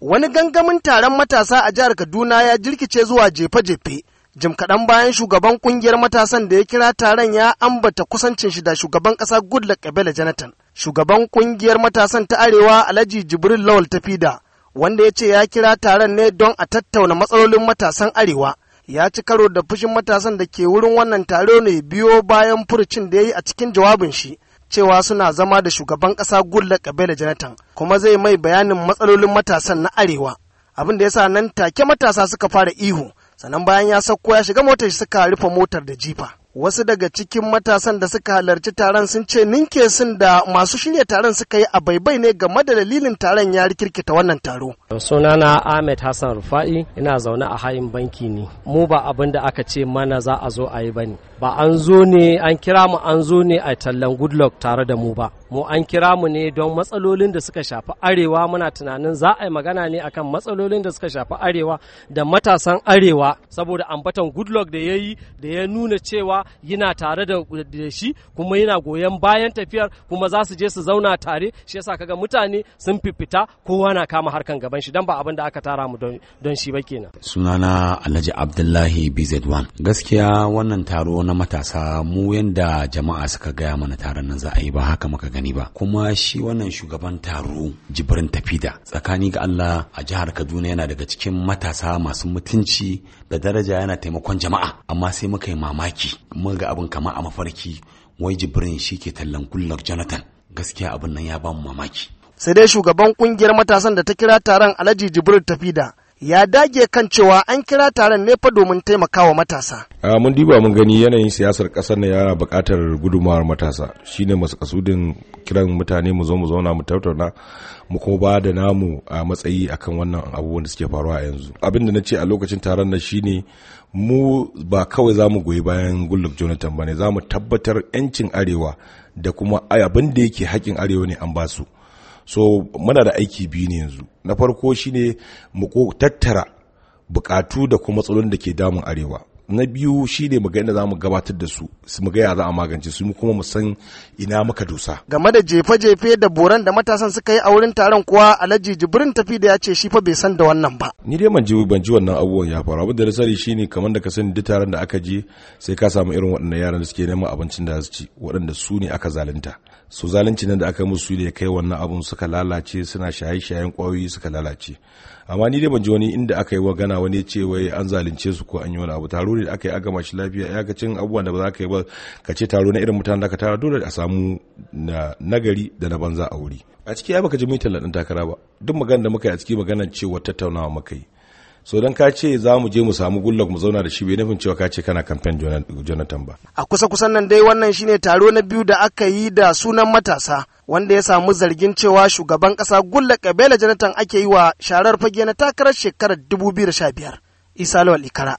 Wani gangamin taron matasa a jihar Kaduna ya jirkice zuwa jefe-jefe. Jim kaɗan bayan shugaban ƙungiyar matasan da ya kira taron ya ambata kusancin shi da shugaban ƙasa Goodluck kabila Jonathan. Shugaban ƙungiyar matasan ta Arewa Alhaji Jibril Lawal Tafida wanda ya ce ya kira taron ne don a tattauna matsalolin matasan Arewa. ya ci karo da fushin matasan da ke wurin wannan taro ne biyo bayan furucin da ya yi a cikin jawabin shi cewa suna zama da shugaban ƙasa gulla kabela jonathan kuma zai mai bayanin matsalolin matasan na arewa abin da yasa nan take matasa suka fara ihu sannan bayan ya sauko ya shiga motar suka rufe motar da jifa wasu daga cikin matasan da suka halarci taron sun ce ninke sun da masu shirya taron suka yi a baibai ne game da dalilin taron ya rikirkita wannan taro. sunana ahmed hassan rufa'i ina zaune a hayin banki ne mu ba abin da aka ce mana za a zo a yi ne ba an zo ne an kira mu an zo ne a tallan goodluck tare da mu ba mu an kira mu ne don matsalolin da suka shafi arewa muna tunanin za a yi magana ne akan matsalolin da suka shafi arewa da matasan arewa saboda ambatan goodluck da ya yi da ya nuna cewa yana tare da shi kuma yana goyon bayan tafiyar kuma za su je su zauna tare shi yasa kaga mutane sun fifita kowa na kama harkan gaban shi dan ba abin da aka tara mu don shi ba kenan sunana alhaji abdullahi bz1 gaskiya wannan taro na matasa mu yanda jama'a suka gaya mana taron nan za a yi ba haka muka gani ba kuma shi wannan shugaban taro jibrin tafida tsakani ga Allah a jihar Kaduna yana daga cikin matasa masu mutunci da daraja yana taimakon jama'a amma sai muka yi mamaki mun ga abin kama a mafarki wai jibrin shi ke tallan kullar Jonathan gaskiya abin nan ya ba mu mamaki sai dai shugaban kungiyar matasan da ta kira taron Alhaji Jibril Tafida ya dage kan cewa an kira taron ne fa domin taimakawa matasa. a mun diba mun gani yanayin siyasar kasar na yana buƙatar gudunmawar matasa shine masu kasudin kiran mutane mu zo mu zauna mu tattauna mu kuma ba da namu a matsayi akan wannan abubuwan da suke faruwa a yanzu abin da na ce a lokacin taron na shine mu ba kawai za mu goyi bayan gullum jonathan ba ne za mu tabbatar 'yancin arewa da kuma abin da yake haƙƙin arewa ne an basu. su so muna da aiki biyu ne yanzu na farko shine mu tattara bukatu da kuma matsalolin da ke damun arewa na biyu shine mu ga inda za gabatar da su su mu ga ya za a magance su kuma mu san ina muka dusa. game da jefe-jefe da boran da matasan suka yi a wurin taron kuwa alhaji jibrin tafi da ya ce shi fa bai san da wannan ba ni dai ban ji ban ji wannan abubuwan ya faru abin da na sani shine kamar da ka sani duk taron da aka je sai ka samu irin waɗannan yaran da suke neman abincin da su ci waɗanda su ne aka zalunta su zalunci nan da aka musu da ya kai wannan abun suka lalace suna shaye-shayen ƙwayoyi suka lalace amma ni dai ban ji wani inda aka yi wa gana wani ce an zalunce su ko an yi wani abu taro da aka yi aga lafiya ya ga cin abubuwan da ba za ka yi ba ka ce taro na irin mutanen da ka tara dole a samu na nagari da na banza a wuri a ciki ya baka ji mitin ɗin takara ba duk magana da muka yi a ciki magana cewa tattaunawa muka yi so don ka ce za mu je mu samu gullak mu zauna da shi bai nufin cewa ka ce kana kamfen jonathan ba a kusa kusan nan dai wannan shine taro na biyu da aka yi da sunan matasa wanda ya samu zargin cewa shugaban kasa gulla kabela jonathan ake yi wa sharar fage na takarar shekarar 2015 isa lawal ikara